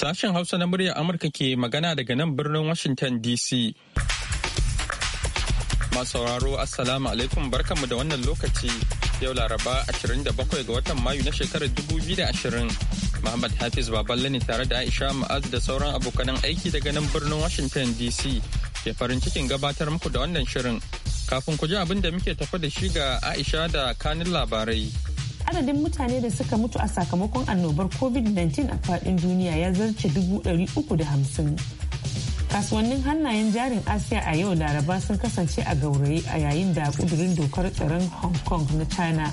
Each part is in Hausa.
Sashen Hausa na muryar Amurka ke magana daga nan birnin Washington DC. Masu sauraro Assalamu alaikum barkanmu da wannan lokaci yau Laraba 27 ga watan Mayu na shekarar 2020. Muhammad Hafiz Baballe ne tare da Aisha Ma'az da sauran abokanan aiki daga nan birnin Washington DC ke farin cikin gabatar muku da wannan shirin. Kafin ku ji abin da muke tafi da shi ga Aisha da kanin labarai. adadin mutane da suka mutu a sakamakon annobar covid-19 a fadin duniya ya zarce 350 kasuwannin hannayen jarin asiya a yau laraba sun kasance a gauraye a yayin da kudurin dokar tsaron hong kong na china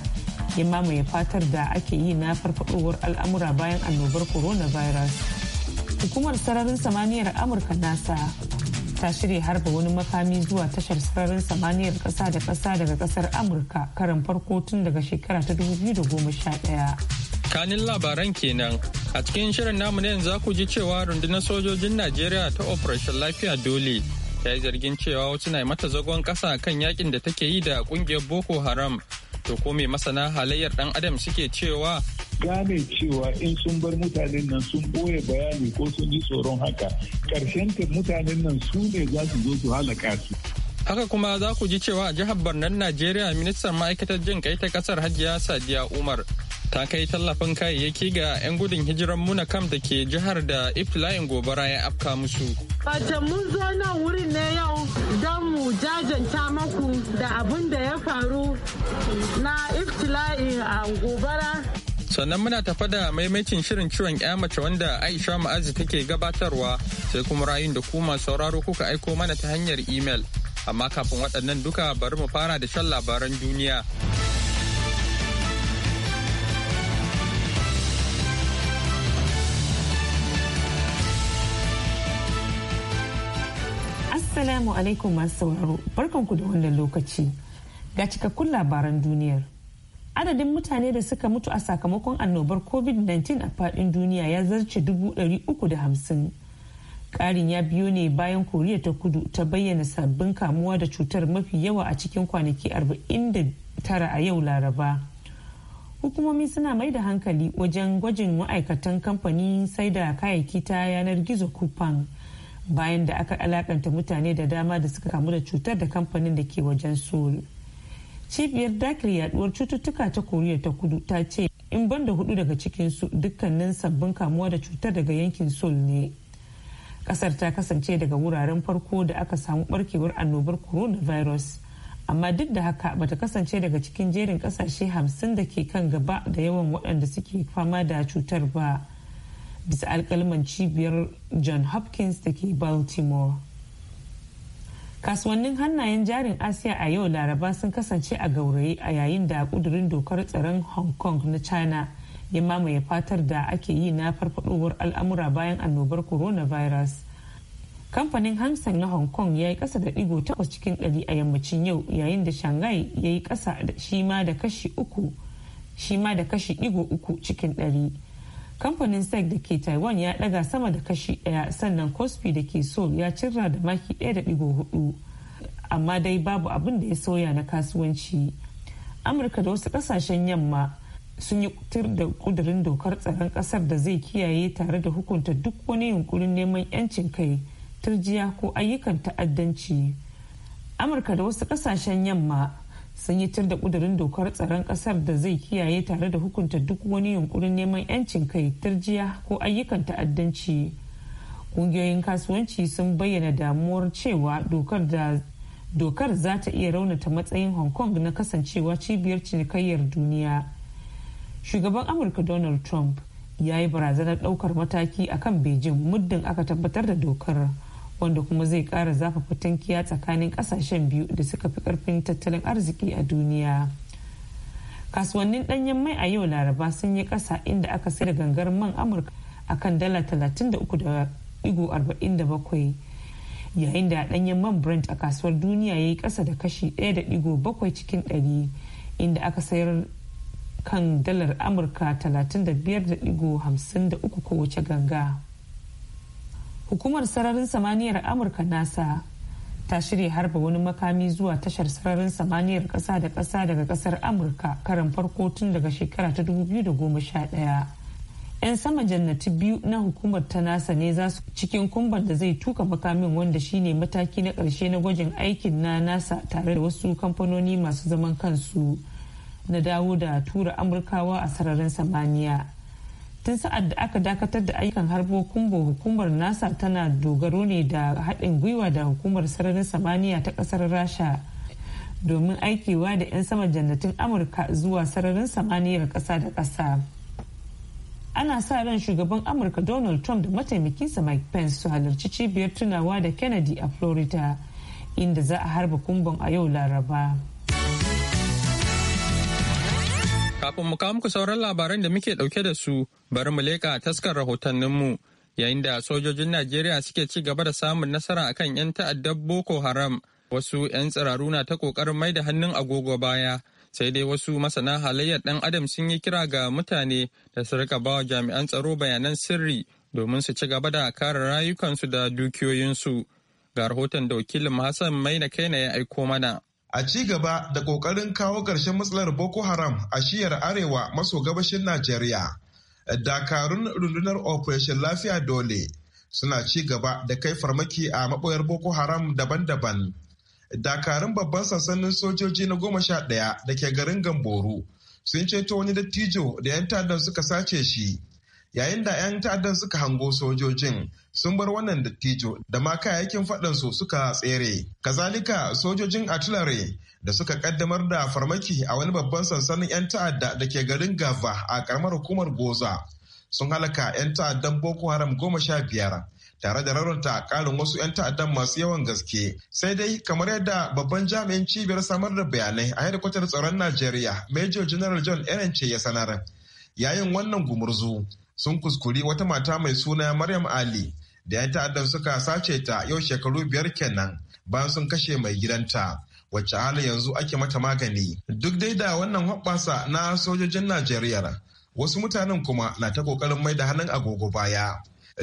ya mamaye fatar da ake yi na farfadowar al'amura bayan annobar coronavirus hukumar sararin samaniyar amurka nasa ta shirya harba wani makami zuwa tashar sararin samaniyar kasa da kasa daga kasar amurka karan farko tun daga shekara ta 2011 kanin labaran kenan a cikin shirin namu na yanzu ku ji cewa rundunar sojojin najeriya ta operation lafiya dole ta yi zargin cewa wasu na mata zagon ƙasa kan yakin da take yi da kungiyar boko haram To ko me masana halayyar dan adam suke cewa gane cewa in sun bar mutanen nan sun boye bayani ko sun ji tsoron haka karshen mutanen nan su ne za su zo su halaka su. Haka kuma za ku ji cewa a jihar Barnar Najeriya ministan ma'aikatar jin kai ta kasar Hajiya Sadiya Umar ta kai tallafin kayayyaki ga 'yan gudun hijiran muna kam da ke jihar da iftila'in gobara ya afka musu. Wace mun zo nan wurin ne yau don mu jajanta maku da abun da ya faru na iftila'in a gobara. sannan muna tafa da maimacin shirin ciwon ya mace wanda aisha ma'azi take gabatarwa sai kuma rayun da kuma sauraro kuka aiko mana ta hanyar imel amma kafin waɗannan duka bari mu fara da shan labaran duniya Assalamu alaikum masu sauraro, barkanku da wannan lokaci. Ga cikakkun labaran duniyar. Adadin mutane da suka mutu a sakamakon annobar COVID-19 a fadin duniya ya zarce dubu uku da hamsin. Ƙarin ya biyo ne bayan Koriya ta kudu ta bayyana sabbin kamuwa da cutar mafi yawa a cikin kwanaki arba'in da tara a yau Laraba. hukumomi suna mai da hankali wajen gwajin ma'aikatan kamfanin sai da kayayyaki ta yanar gizo kupang bayan da aka alakanta mutane da dama da suka kamu da cutar da kamfanin da ke wajen seoul cibiyar dakil yaduwar cututtuka ta koriya ta kudu ta ce in banda hudu daga cikin cikinsu dukkanin sabbin kamuwa da cutar daga yankin seoul ne kasar ta kasance daga wuraren farko da aka samu barkewar annobar coronavirus amma duk da haka bata kasance daga cikin jerin kasashe hamsin da ke kan gaba da yawan waɗanda suke fama da cutar ba. bisa alkalman cibiyar john hopkins da ke baltimore kasuwannin hannayen jarin asiya a yau laraba sun kasance a gauraye a yayin da kudurin dokar tsaron hong kong na china ya mamaye fatar da ake yi na farfadowar al'amura bayan annobar coronavirus kamfanin hansan na hong kong ya yi kasa da digo takwas cikin ɗari a yammacin yau yayin da shanghai ya yi kasa da shi ma da kashi uku uku cikin ɗari kamfanin sec da ke taiwan ya daga sama da kashi daya sannan cosby da ke so ya cirra da maki 1.4 amma dai babu abin da ya soya na kasuwanci amurka da wasu kasashen yamma sun yi kutar da kudurin dokar tsaron kasar da zai kiyaye tare da hukunta duk wani yunkurin neman 'yancin kai turjiya ko ayyukan ta'addanci amurka da wasu kasashen yamma sun yi da kudurin dokar tsaron kasar da zai kiyaye tare da hukunta duk wani yunkurin neman 'yancin kai tarjiya ko ayyukan ta'addanci kungiyoyin kasuwanci sun bayyana damuwar cewa dokar da dokar za ta iya raunata matsayin hong kong na kasancewa cibiyar cinikayyar duniya shugaban amurka donald trump ya yi barazanar daukar mataki akan beijing muddin aka tabbatar da dokar. wanda kuma zai ƙara zafa fatankiya tsakanin ƙasashen biyu da suka fi karfin tattalin arziki a duniya. kasuwannin ɗanyen mai a yau laraba sun yi ƙasa inda aka sai da gangar man amurka a kan dala 33.47 yayin da ɗanyen man brent a kasuwar duniya ya yi ƙasa da kashi 1.7 cikin 100 inda aka sayar kan dalar amurka 35.53 kowace ganga. hukumar sararin samaniyar amurka nasa ta shirya harba wani makami zuwa tashar sararin samaniyar kasa da kasa daga kasar amurka karan farko tun daga shekara ta 2011 'yan sama jannati biyu na hukumar ta nasa ne za su cikin kumban da zai tuka makamin wanda shine mataki na karshe na gwajin aikin na nasa tare da wasu kamfanoni masu zaman kansu na dawo da tura amurkawa a sararin samaniya tun sa'ad da aka dakatar da ayyukan harbo kumbo hukumar nasa tana dogaro ne da haɗin gwiwa da hukumar sararin samaniya ta ƙasar rasha domin aikewa da 'yan sama jannatin amurka zuwa sararin samaniyar ƙasa da ƙasa ana sa ran shugaban amurka donald trump da mataimakinsa mike pence su halarci cibiyar tunawa da kennedy a florida inda za a harba kumbon a yau laraba. Kafin mu kawo muku sauran labaran da muke ɗauke da su bari mu leka taskar rahotanninmu yayin da sojojin Najeriya suke ci gaba da samun nasara akan 'yan ta'addar Boko Haram wasu 'yan tsiraru na ta kokarin mai da hannun agogo baya sai dai wasu masana halayyar ɗan adam sun yi kira ga mutane da su rika bawa jami'an tsaro bayanan sirri domin su ci gaba da kare rayukansu da dukiyoyinsu ga rahoton da wakilin Hassan kai na ya aiko mana. a ci gaba da ƙoƙarin kawo ƙarshen matsalar boko haram a shiyar arewa maso gabashin najeriya dakarun rundunar operation lafiya dole suna ci gaba da kai farmaki a maɓoyar boko haram daban-daban dakarun babban sansanin sojoji na goma sha ɗaya da ke garin gamboru sun ceto wani dattijo da 'yan tadan suka sace shi yayin da 'yan ta'addan suka hango sojojin sun bar wannan dattijo da ma kayayyakin faɗansu suka tsere. Kazalika sojojin artillery da suka kaddamar da farmaki a wani babban sansanin 'yan ta'adda da ke garin Gava a karamar hukumar Goza sun halaka 'yan ta'addan Boko Haram goma sha biyar. tare da rarunta karin wasu 'yan ta'addan masu yawan gaske sai dai kamar yadda babban jami'in cibiyar samar da bayanai a hedikwatar tsaron najeriya major general john ce ya sanar yayin wannan gumurzu sun kuskuri wata mata mai suna Maryam Ali da 'yan ta'addan suka sace ta yau shekaru biyar kenan bayan sun kashe mai gidanta. wacce hali yanzu ake mata magani duk dai da wannan hoɓɓasa na sojojin najeriya wasu mutanen kuma na ta ƙoƙarin mai da hannun agogo baya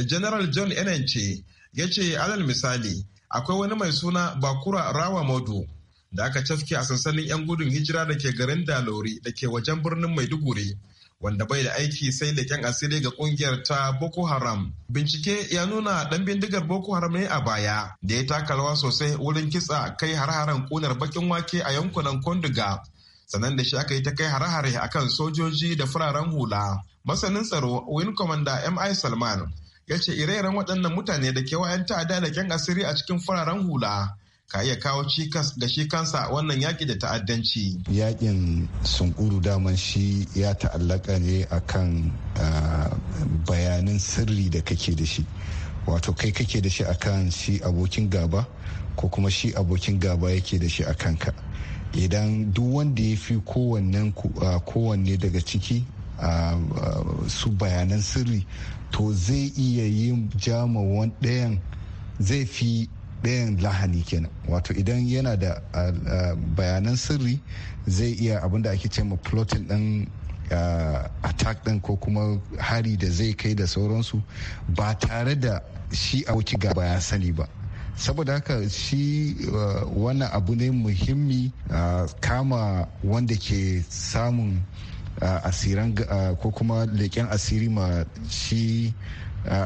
general john enenche ya ce alal misali akwai wani mai suna bakura rawa modu da aka cafke a sansanin 'yan gudun hijira da ke garin dalori da ke wajen birnin maiduguri wanda bai da aiki sai leƙen asiri ga kungiyar ta Boko Haram. Bincike ya nuna ɗan bindigar Boko Haram ne a baya da ya taka rawa sosai wurin kitsa kai har-haren ƙunar bakin wake a yankunan Konduga. Sannan da shi aka yi ta kai harhare hare akan sojoji da fararen hula. Masanin tsaro Win Commander MI Salman ya ce ire-iren waɗannan mutane da ke wa'yan ta'adda da kyan asiri a cikin fararen hula ka iya kawo cikas ga shi kansa wannan yaƙi da ta'addanci. Yaƙin sunkuru daman shi ya ta'allaka ne a kan bayanin sirri da kake da shi. Wato kai kake da shi akan shi abokin gaba ko kuma shi abokin gaba yake da shi a kanka. Idan duk wanda ya fi kowanne daga ciki su bayanan sirri to zai iya yin jama ɗayan zai fi ɗayan lahani kenan wato idan yana da bayanan sirri zai iya abinda ake ce ma plotting ɗin attack ɗin ko kuma hari da zai kai da sauransu ba tare da shi aboki gaba ya sani ba saboda haka shi wannan abu ne muhimmi kama wanda ke samun asiran ko kuma leƙen asiri ma shi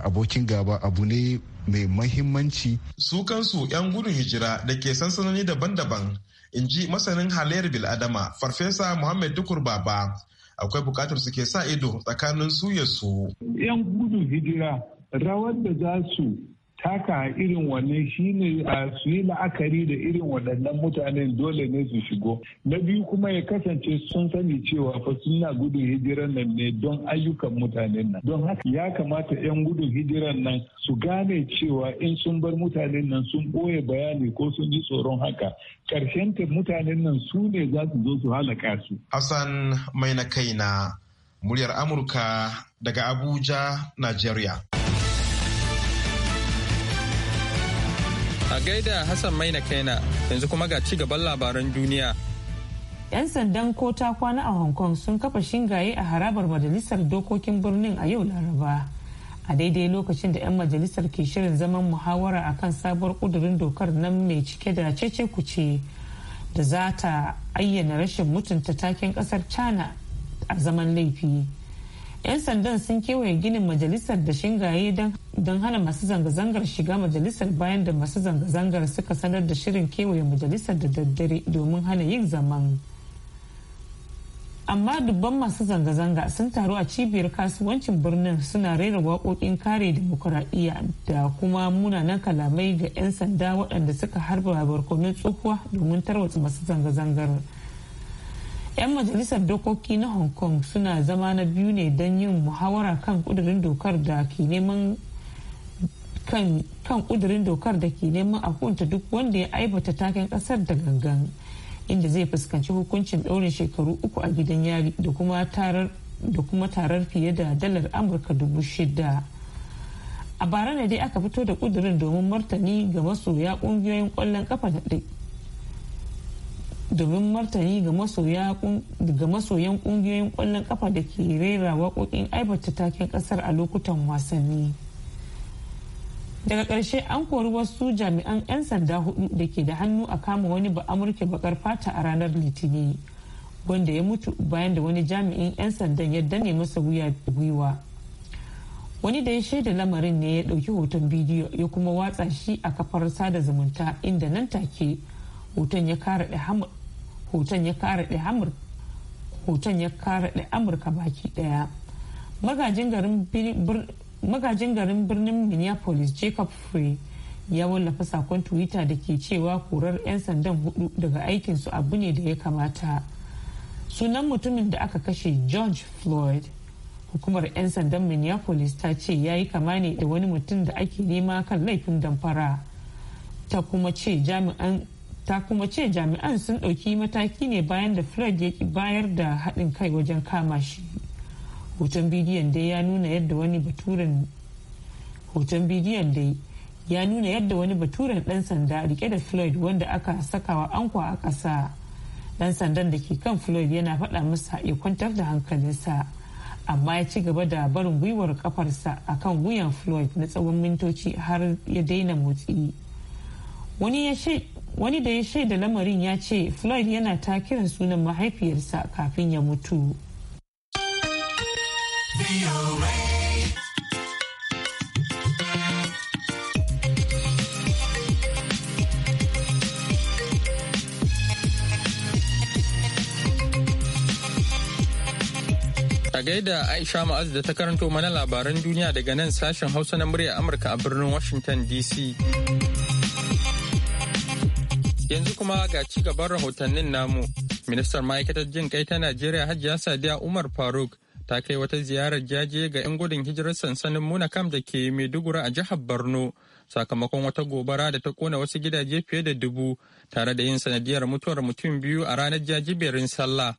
abokin gaba abu ne mai mahimmanci. Su kansu 'yan gudun hijira da ke sansanoni daban-daban, in ji masanin halayyar bil'adama Farfesa Muhammad Dukur Baba. Akwai bukatar su ke sa ido tsakanin su su. 'Yan gudun hijira rawar da za su taka irin wannan shine a su yi la'akari da irin waɗannan mutanen dole ne su shigo na biyu kuma ya kasance sun sani cewa fa suna gudun hijiran nan ne don ayyukan mutanen nan don haka ya kamata 'yan gudun hijiran nan su gane cewa in sun bar mutanen nan sun ɓoye bayani ko sun ji tsoron haka ƙarshen mutanen nan su ne za su zo su halaka su hassan mai na kai na muryar amurka daga abuja nigeria A gaida Hassan Maina Kaina yanzu kuma ga ci gaban labaran duniya. 'Yan sandan kota kwana a Hong Kong sun kafa shingaye a harabar majalisar dokokin birnin a yau Laraba. A daidai lokacin da 'yan majalisar ke shirin zaman muhawara a kan sabuwar kudurin dokar nan mai cike da cece kuce da za ta ayyana rashin mutunta takin kasar China a zaman laifi. 'yan sandan sun kewaye ginin majalisar da shingaye don hana masu zanga-zangar shiga majalisar bayan da masu zanga-zangar suka sanar da shirin kewaye majalisar da daddare domin hana yin zaman amma dubban masu zanga-zanga sun taru a cibiyar kasuwancin birnin suna rera waƙoƙin kare demokuraɗiyya da kuma munanan kalamai ga 'yan sanda waɗanda suka harba barkonin tsohuwa domin tarwatsa masu zanga-zangar. 'yan majalisar dokoki na hong kong suna zama na biyu ne don yin muhawara kan kudurin dokar da ke neman kan dokar a kunta duk wanda ya aibata taken kasar da gangan inda zai fuskanci hukuncin ɗaurin shekaru uku a gidan yari da kuma tarar fiye da dalar amurka dubu shida a bara ne dai aka fito da kudurin domin martani ga masoya ƙungiyoyin ƙwallon kafa da domin martani ga masoyan kungiyoyin kwallon kafa da ke rera waƙoƙin aibata taken ƙasar a lokutan wasanni daga ƙarshe an kori wasu jami'an 'yan sanda hudu da ke da hannu a kama wani ba amurka bakar fata a ranar litini wanda ya mutu bayan da wani jami'in 'yan sandan ya dane masa wuya da gwiwa wani da ya shaida lamarin ne ya ɗauki hoton bidiyo ya kuma watsa shi a kafar sada zumunta inda nan take hoton ya kara da hoton ya karaɗe hoton ya amurka baki ɗaya magajin garin birnin minneapolis jacob frey ya wallafa sakon twitter da ke cewa korar 'yan sandan hudu daga aikinsu abu ne da ya kamata sunan mutumin da aka kashe george floyd hukumar 'yan sandan minneapolis ta ce ya yi kama ne da wani mutum da ake nema kan laifin damfara ta kuma ce jami'an ta kuma ce jami'an sun ɗauki mataki ne bayan da fred ya bayar da haɗin kai wajen kama shi hoton bidiyon dai ya nuna yadda wani baturen hoton bidiyon dai ya nuna yadda wani baturen ɗan sanda rike da floyd wanda aka sakawa ankwa a ƙasa ɗan sandan da ke kan floyd yana faɗa masa ya kwantar da hankalinsa amma ya ci gaba da barin gwiwar kafarsa kan wuyan floyd na tsawon mintoci har ya daina motsi wani wani da ya shaida lamarin ya ce floyd yana ta kiran sunan mahaifiyarsa kafin ya mutu A gaida Aisha Ma'az da ta karanto mana labaran duniya daga nan sashen Hausa na murya Amurka a birnin Washington DC. Yanzu kuma ga ci gaban rahotannin namu, ministar ma'aikatar jin kai ta Najeriya Hajiya Sadiya Umar Faruk ta kai wata ziyarar jaje ga 'yan gudun hijirar sansanin Munakam da ke Maiduguri a jihar Borno sakamakon wata gobara da ta kona wasu gidaje fiye da dubu tare da yin sanadiyar mutuwar mutum biyu a ranar jajiberin sallah.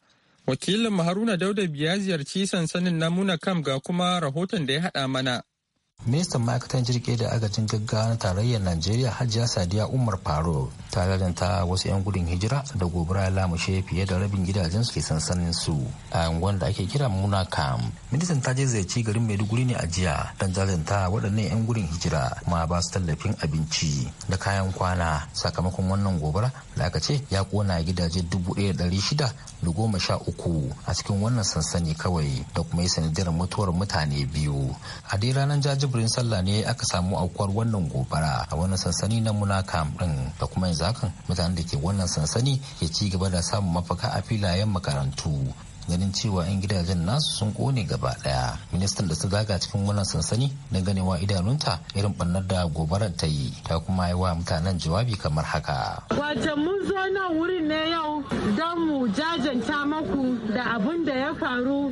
Wakilin Haruna Dauda biya ziyarci sansanin na Munakam ga kuma rahoton da ya haɗa mana. ministan ma'aikatan jirgi da agajin gaggawa na tarayyar najeriya hajiya sadiya umar faro ta lalanta wasu 'yan gudun hijira da gobara ya lamushe fiye da rabin gidajen su ke sansanin su a yankunan da ake kira muna kam ministan ta je ziyarci garin maiduguri ne a jiya don jalanta waɗannan 'yan gudun hijira kuma ba su tallafin abinci da kayan kwana sakamakon wannan gobara da aka ce ya kona gidaje dubu ɗaya da ɗari shida da goma sha uku a cikin wannan sansani kawai da kuma yi sanadiyar mutuwar mutane biyu a dai ranar jajin jajibirin sallah ne aka samu aukuwar wannan gobara a wani sansani na munakam din da kuma yanzu hakan mutanen da ke wannan sansani ke ci gaba da samun mafaka a filayen makarantu ganin cewa 'yan gidajen nasu sun kone gaba daya ministan da su zaga cikin wannan sansani don ganewa idanunta irin bannar da gobarar ta yi ta kuma yi wa mutanen jawabi kamar haka wace mun zo nan wurin ne yau don mu jajanta maku da abin da ya faru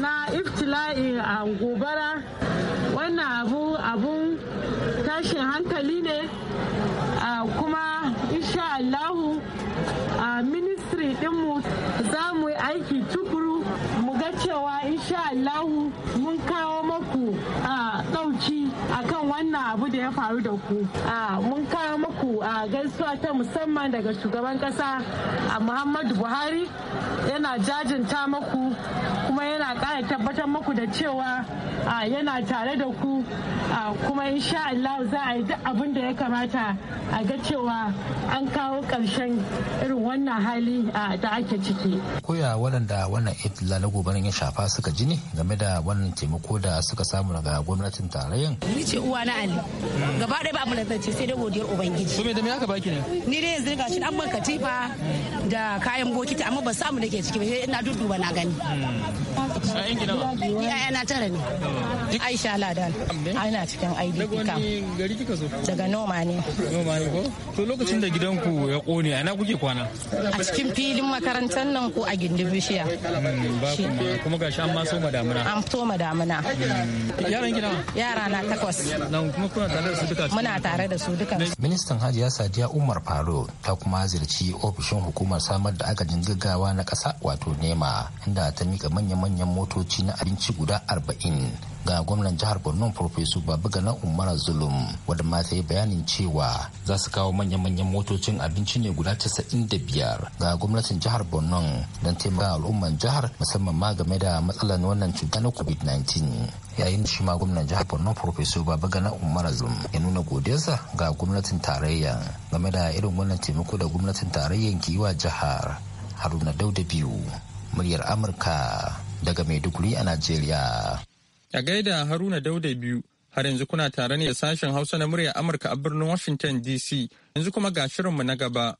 na iftila'i a gobara wannan abu abun tashin hankali ne kuma insha Allahu a ministry dinmu aiki tukuru mu ga cewa insha Allahu mun kawo maku a ah, baki akan wannan abu da ya faru da ku. Mun kawo muku gaisuwa ta musamman daga shugaban kasa a Muhammadu Buhari yana jajinta muku kuma yana kara tabbatar muku da cewa yana tare da ku kuma insha Allah za a yi duk abin da ya kamata a ga cewa an kawo ƙarshen irin wannan hali da ake ciki. Koya waɗanda wannan itila na ya shafa suka ji ne game da wannan taimako da suka samu daga gwamnatin tare. tarayyan ni ce uwa na ali gaba ɗaya ba mu zance sai dai godiyar ubangiji to da me aka baki ne ni dai yanzu gashi an man katifa da kayan bokiti amma ba samu nake ciki ba sai ina dudduba na gani hmm. Sa'in gida ba. Ya'yana tara ne. Aisha Ladan. Ana cikin IDP kam. Daga Noma ne. To lokacin da gidanku ya kone a kuke kwana? A cikin filin makarantar nan ko a gindin bishiya. Hmm, kuma gashi an ma so madamuna. An so madamuna. Hmm. Yaran gida? Yara na takwas. Muna tare da su duka. Ministan Hajiya Sadiya Umar Faro ta kuma zirci ofishin hukumar samar da agajin gaggawa na ƙasa wato nema inda ta mika manya-manyan motoci na abinci guda arba'in ga gwamnan jihar borno profesu na umara zulum wadda ma ta yi bayanin cewa za su kawo manya-manyan motocin abinci ne guda casa'in da biyar ga gwamnatin jihar borno don taimaka al'umman jihar musamman ma game da matsalar wannan cuta na covid-19 yayin shi ma gwamnan jihar borno profeso babagana umar zulum ya nuna godiyarsa ga gwamnatin tarayya game da irin wannan taimako da gwamnatin tarayyan ke yi wa jihar haruna dauda biyu muryar amurka daga Maiduguri a Najeriya. A gaida Haruna Dauda biyu har yanzu kuna tare ne da sashen Hausa na murya Amurka a birnin Washington DC yanzu kuma ga shirinmu na gaba.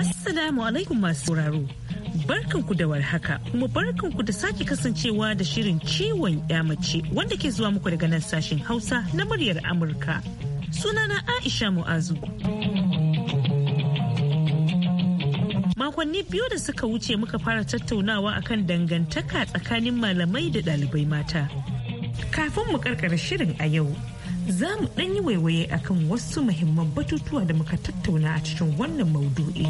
Assalamu alaikum masu sauraro. Barkanku da warhaka kuma barkanku da sake kasancewa da shirin ciwon mace wanda ke zuwa muku daga nan sashen Hausa na muryar Amurka. Sunana Aisha Mu'azu. makonni biyu da suka wuce muka fara tattaunawa akan dangantaka tsakanin malamai da ɗalibai mata kafin mu karkara shirin a yau za mu ɗan yi waiwaye akan wasu muhimman batutuwa da muka tattauna a cikin wannan maudu'i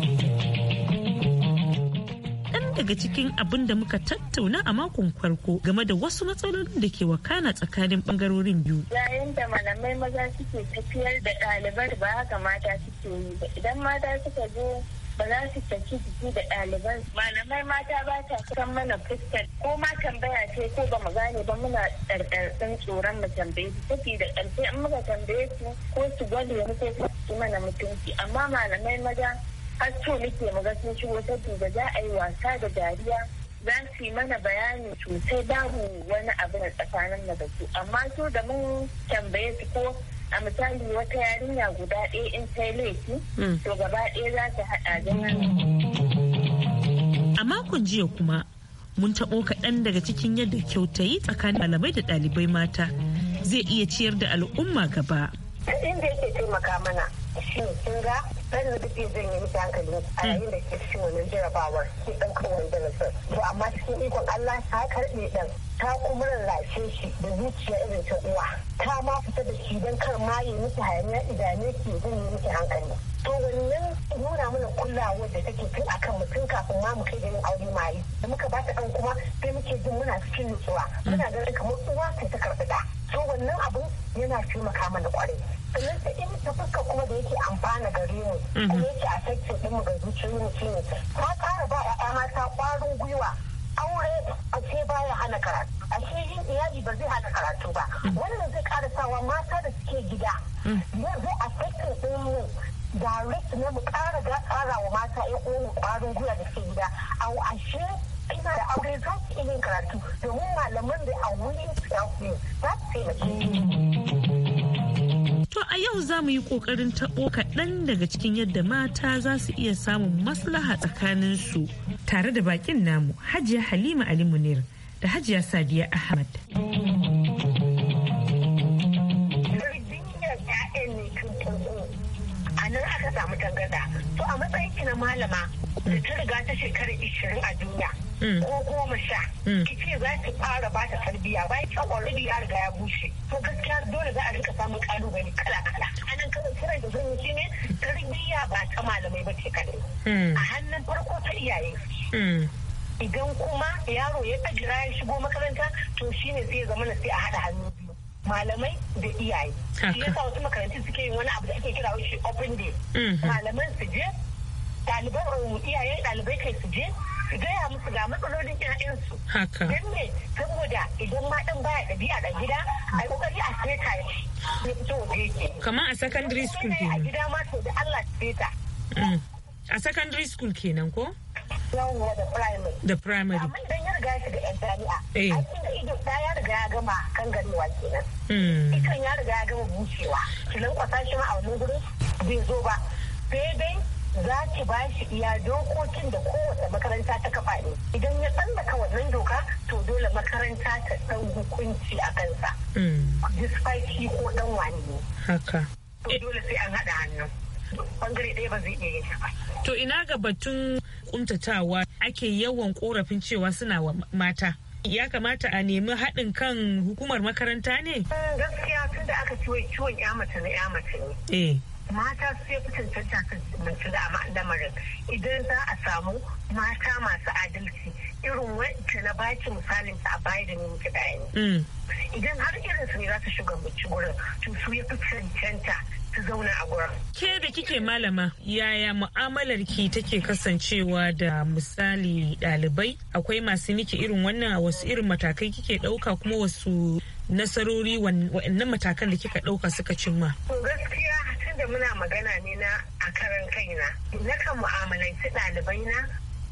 ɗan daga cikin abin da muka tattauna a makon farko game da wasu matsalolin da ke wakana tsakanin bangarorin biyu yayin da malamai maza suke tafiyar da ɗalibai ba haka mata suke yi ba idan mata suka zo ba za su tafi jiki da ɗaliban malamai mata ba ta san mana fuskar ko ma tambaya ce ko ba mu gane ba muna ɗarɗarɗin tsoron mu tambaye su take da ƙarfi in muka tambaye su ko su gwale mu ko su mana mutunci amma malamai maza har so muke mu ga sun shigo saboda za a yi wasa da dariya za su yi mana bayani sosai babu wani abu na tsakanin da su amma so da mun tambaye su ko a misali wata yarinya guda ɗaya in ta laifi hmm. to gaba ɗaya za ta haɗa da A makon jiya kuma mun taɓo kaɗan daga cikin yadda kyauta yi tsakanin malamai da ɗalibai mata zai iya ciyar da al'umma gaba. da yake taimaka mana shi sun ga ɗan da duk zan yi miki hankali a yayin da ke shi wani jarabawar ke ɗan kawai da nasar. To amma cikin ikon Allah ta karɓe ɗan ta kuma rarrashe shi da zuciya irin ta uwa ta ma fita da shi don kar ma yi miki hayaniya idane ke zan yi miki hankali to wannan nuna mana kulawar da take tun akan mutum kafin ma mu kai da yin aure maye da muka ba ta ɗan kuma sai muke jin muna cikin nutsuwa muna ganin kamar uwa sai ta karɓi da to wannan abun yana taimaka mana kwarai sannan ta in ta fuska kuma da yake amfana gare mu kuma mhm. yake a sakin ɗin mu ga zuciyoyin mu shine ta ƙara ba 'ya'ya mata ƙwarin gwiwa aure a ce baya hana karatu a ce yin iyali ba zai hana karatu ba wannan zai karasawa mata da suke gida yanzu mm. a sakin da direct na mu kara ga kara wa mata ya ƙoƙo ƙwarin gwiwa da suke gida a ashe kina da aure za su iya karatu domin malaman da a wuri su za su taimake To a yau za mu yi ƙoƙarin taɓo kaɗan daga cikin yadda mata za su iya samun maslaha tsakaninsu tare da bakin namu Hajiya Halima Ali Munir da Hajiya Sadiya Ahmad. a nan aka samu tangarda to a matsayin na malama da ta riga ta shekarar ishirin a duniya mm. ko goma sha mm. ki ce za ki fara ba ta tarbiyya bayan ta already ya riga ya bushe to gaskiya dole za a rika samun kalubale kala kala kiran da zan shi ne tarbiyya ba ta malamai ba ce kadai a hannun farko ta iyaye hmm. idan kuma yaro ya tsajira ya shigo makaranta to ne sai ya zama sai a haɗa hannu biyu malamai da iyaye shi wasu makarantu suke yin wani abu da ake kira shi open day hmm. malaman su je ɗaliban iyaye, ɗalibai kai su je ka gaya musu ga matsalolin ƴaƴansu. Haka. Don me saboda idan ma ɗan baya ɗabi'a da gida a yi kokari a seta shi. Kamar a secondary school kenan. A gida ma to da Allah seta. Mm. A secondary school kenan ko? yawon da primary. Da primary. Amma idan ya riga shiga yan jami'a. Eh. Aikin da ido da ya riga ya gama kan ganewa kenan. Mm. Ikan ya riga ya gama bushewa. Kilan kwasa shi ma a wannan gurin bai zo ba. Sai dai za ki ba shi iya dokokin da kowace makaranta ta kafa ne idan ya tsallaka wannan doka to dole makaranta ta ɗau hukunci a kansa hmm. despite ko dan wani ne haka to dole sai an haɗa hannu bangare ɗaya ba zai iya yin ba to ina ga batun kuntatawa ake yawan korafin cewa suna wa mata ya kamata a nemi haɗin kan hukumar makaranta ne? Eh, gaskiya tun da aka ciwon ya mace na ya mace ne eh. mata su ya fi da marin idan za a samu mata masu adalci irin wancan na baki misalin ta a baya da miki bayani mm. idan har irin su ne za su mutu gurin to su ya fi cancanta su zauna a gurin. Ke da kike malama yaya mu'amalar ki take kasancewa da misali ɗalibai akwai masu miki irin wannan wasu irin matakai kike ɗauka kuma wasu nasarori wannan matakan da kika ɗauka suka cimma. Gaskiya da muna magana ne na a karan kaina nakan mu'amalanci ɗalibai na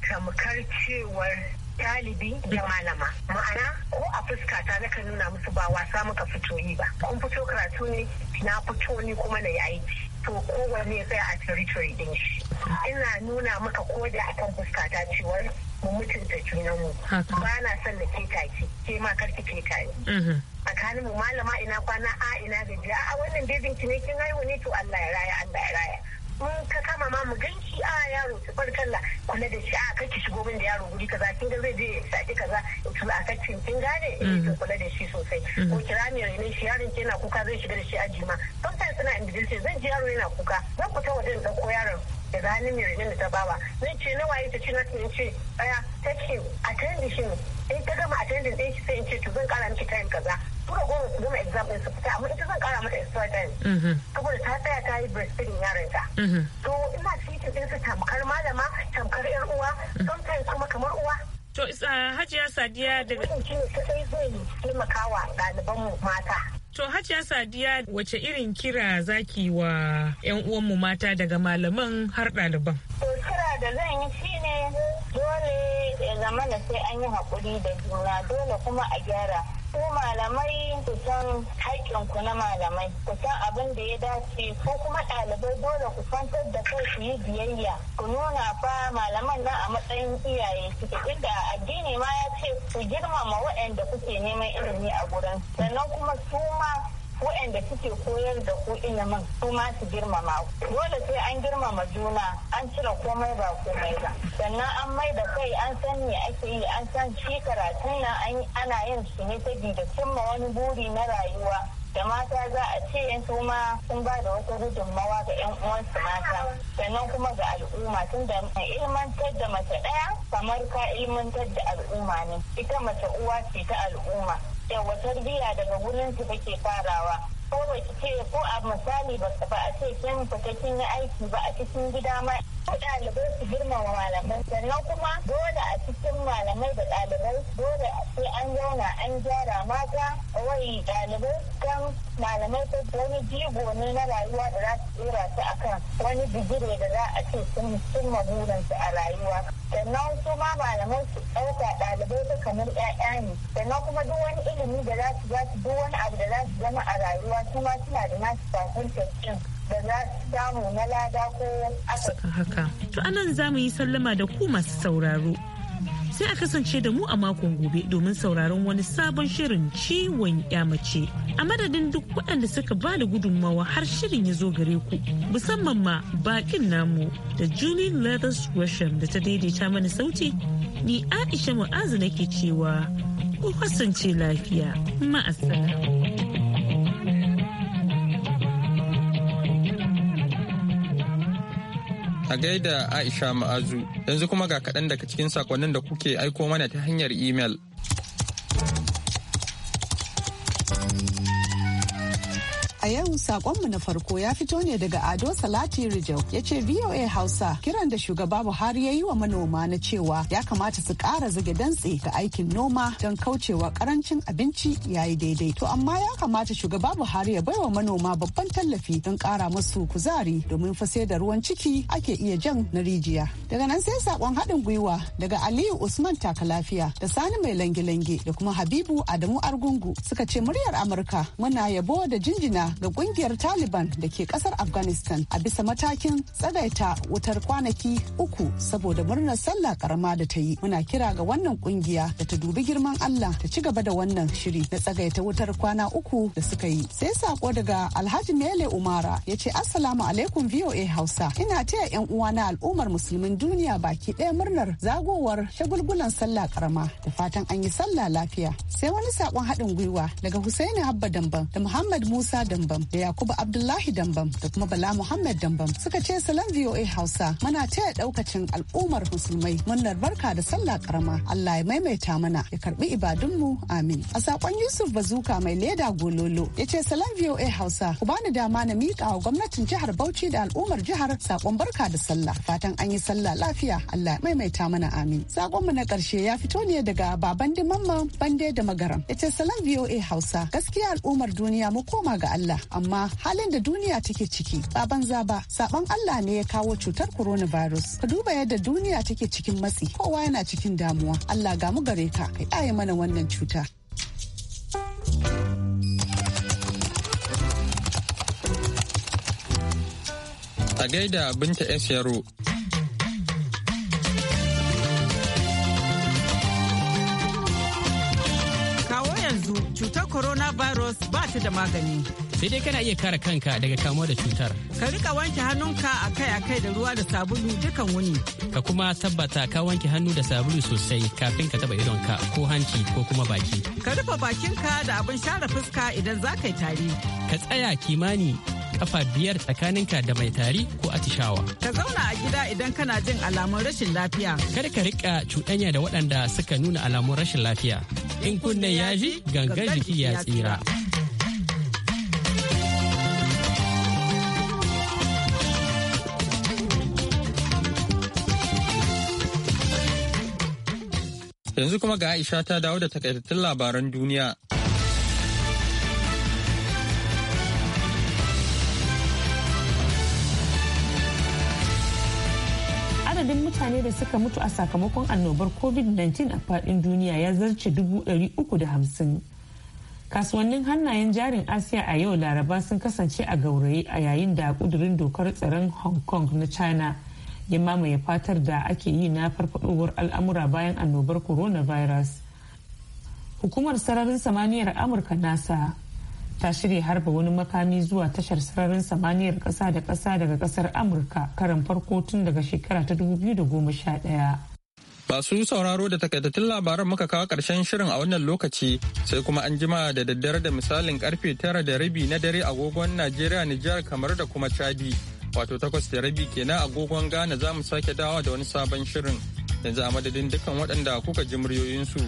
tamkar cewar ɗalibi da malama ma'ana ko a fuska ta kan nuna musu ba wasa muka fito yi ba kun fito karatu ne na fito ni kuma na yi aiki to kowanne sai a territory din shi ina nuna maka ko da akan fuska ta cewa mu mutunta junanmu ba na son da ke kaki ke ma karki ke tare mhm. tsakanin mu malama ina kwana a ina gajiya a wannan bebin ki ne kin haihu ne to Allah ya raya Allah ya raya mun ka kama ma mu ganki a yaro ki la kula da shi a kake shigo min da yaro guri kaza kin ga zai je ya saki kaza to a kace kin gane ki eh, mhm. kula da shi sosai mhm. ko kira mai ne shi yaron ke na kuka zai shiga da shi aji ma sometimes ina individual zan ji yaro yana kuka zan ku ta wajen dauko yaron da ranar mai rigin da ta bawa zai ce na waye ta ce na in ce daya ta ce a da shi ne in ta gama a trendi ɗin shi sai in ce to zan kara miki time kaza tura goma su gama exam ɗin su fita amma ita zan kara mata extra time mhm. saboda ta tsaya ta yi breastfeeding yaran ta mhm. to ina cikin ɗin su tamkar malama tamkar yan uwa mhm. sometimes kuma kamar uwa To Hajiya Sadiya daga. Wannan shi ne kaɗai zai taimakawa ɗaliban mata. To Hajiya Sadiya wace irin kira zaki wa 'yan uwanmu mata daga malaman har ɗaliban? To kira da zan yi shine dole ya zama sai an yi haƙuri da juna dole kuma a gyara ko malamai ku san haƙƙin ku na malamai, ku san abin da ya dace ko kuma ɗalibai dole ku fantar da kai su yi biyayya. Ku nuna fa malaman nan a matsayin iyaye suke inda addini ma ya ce ku girmama waɗanda kuke neman ilimi a gurin. Sannan kuma su ma waɗanda suke koyar da ku ilimin su ma su girmama ku dole sai an girmama juna an cire komai ba komai ba sannan an mai da kai an san me ake yi an san shi karatun na ana yin su ne sabida cimma wani buri na rayuwa da mata za a ce yan su ma sun ba da wata gudunmawa ga yan uwansu mata sannan kuma ga al'umma tun da ilmantar da mace ɗaya kamar ka ilmantar da al'umma ne ita mace uwa ce ta al'umma yawa tarbiyya daga wurin su take farawa ko ba ce ko a misali ba a ce kin fita kin yi aiki ba a cikin gida ma ko ɗalibai su girmama malamai sannan kuma dole a cikin malamai da ɗalibai dole sai an zauna an gyara mata wai ɗalibai kan malamai ko wani jigo ne na rayuwa da za su tsira su akan wani bigire da za a ce sun cimma burinsu a rayuwa sannan kuma malaman su ɗauka ɗalibai su kamar ƴaƴa ne sannan kuma duk wani ilimi da za su ba su duk wani abu da za su zama a rayuwa su ma suna da nasu sakon tattin da za su samu na lada ko haka. To anan za mu yi sallama da ku masu sauraro sai a kasance da mu a makon gobe domin sauraron wani sabon shirin ciwon mace a madadin duk waɗanda suka ba da gudunmawa har shirin ya zo gare ku musamman ma bakin namu da julie leathers russian da ta daidaita mana sauti ni aisha mu'azu nake cewa ku kasance lafiya ma'asala. A gaida Aisha Ma'azu, yanzu kuma ga kaɗan daga cikin sakonnin da kuke aiko mana ta hanyar imel. sakonmu na farko ya fito ne daga Ado Salati Rijau ya ce VOA Hausa kiran da shugaba Buhari ya yi wa manoma na cewa ya kamata su ƙara zage dantse ga aikin noma don kaucewa karancin abinci ya yi daidai. To amma ya kamata shugaba Buhari ya baiwa manoma babban tallafi don ƙara masu kuzari domin fa da ruwan ciki ake iya jan na rijiya. Daga nan sai sakon haɗin gwiwa daga Aliyu Usman taka lafiya da Sani Mai Lange-Lange da kuma Habibu Adamu Argungu suka ce muryar Amurka muna yabo da jinjina ga kungiyar Taliban da ke kasar Afghanistan a bisa matakin tsagaita wutar kwanaki uku saboda murnar sallah karama da ta yi. Muna kira ga wannan kungiya da ta dubi girman Allah ta ci gaba da wannan shiri na tsagaita wutar kwana uku da suka yi. Sai sako daga Alhaji Mele Umara ya ce Assalamu alaikum VOA Hausa. Ina taya 'yan na al'ummar musulmin duniya baki ɗaya murnar zagowar shagulgulan sallah karama da fatan an yi sallah lafiya. Sai wani saƙon haɗin gwiwa daga Husaini Habba Damban da Muhammad Musa Damban Yakubu Abdullahi Dambam da kuma Bala Muhammad Dambam suka ce salon VOA Hausa muna taya daukacin al'ummar musulmai munnar barka da sallah karama Allah ya maimaita mana ya karbi ibadunmu amin. A sakon Yusuf Bazuka mai leda gololo ya ce salam VOA Hausa ku bani dama na miƙa wa gwamnatin jihar Bauchi da al'ummar jihar sakon barka da sallah fatan an yi sallah lafiya Allah ya maimaita mana amin. Sakonmu na ƙarshe ya fito ne daga baban dimamma bande da magaram ya ce salam VOA Hausa gaskiya al'ummar duniya mu koma ga Allah amma amma halin da duniya take ciki ba zaba ba saban Allah ne ya kawo cutar coronavirus. Ka duba yadda duniya take cikin matsi kowa yana cikin damuwa. Allah ga mu gare ka ka yaye mana wannan cuta. A gaida Binta S. Yaro yanzu cutar corona ba virus ba ta da magani. Sai dai kana iya kare kanka daga kamuwa da cutar. Ka rika wanke hannunka akai-akai da ruwa da sabulu dukan wuni. Ka kuma tabbata ka wanke hannu da sabulu sosai kafin ka taba ka ko hanci ko kuma baki. Ka rufe bakinka da abin share fuska idan za ka yi tari. Ka tsaya kimani kafa biyar tsakaninka da mai tari ko atishawa. Ka zauna a gida idan kana jin alamun rashin lafiya. Kar ka riƙa cuɗanya da waɗanda suka nuna alamun rashin lafiya. In kunne ya ji gangan jiki ya tsira. Yanzu kuma ga Aisha ta dawo da takaitattun labaran duniya. mutane da suka mutu a sakamakon annobar covid-19 a fadin duniya ya zarce dubu ɗari uku da hamsin? kasuwannin hannayen jarin asiya a yau laraba sun kasance a gauraye a yayin da kudurin dokar tsaron hong kong na china ya mamaye fatar da ake yi na farfadowar al'amura bayan annobar coronavirus hukumar sararin samaniyar amurka nasa ta shirya harba wani makami zuwa tashar sararin samaniyar kasa da kasa daga kasar amurka karan farko tun daga shekara ta 2011 masu sauraro da takaitattun labaran muka kawo karshen shirin a wannan lokaci sai kuma an jima da daddare da misalin karfe tara da rabi na dare agogon najeriya nijar kamar da kuma chadi wato takwas da rabi kenan agogon ghana za mu sake dawa da wani sabon shirin yanzu a madadin dukkan waɗanda kuka ji muryoyinsu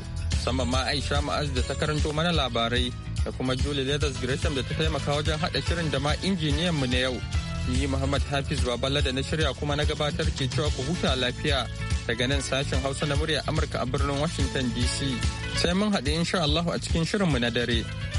sama ma aisha ma'az da ta karanto mana labarai da kuma Julie Leathers Gresham da ta taimaka wajen haɗa shirin da ma injiniyan mu na yau. Ni Muhammad Hafiz Baballa da na shirya kuma na gabatar ke cewa ku huta lafiya daga nan sashen Hausa na murya Amurka a birnin Washington DC. Sai mun haɗu insha Allahu a cikin shirin mu na dare.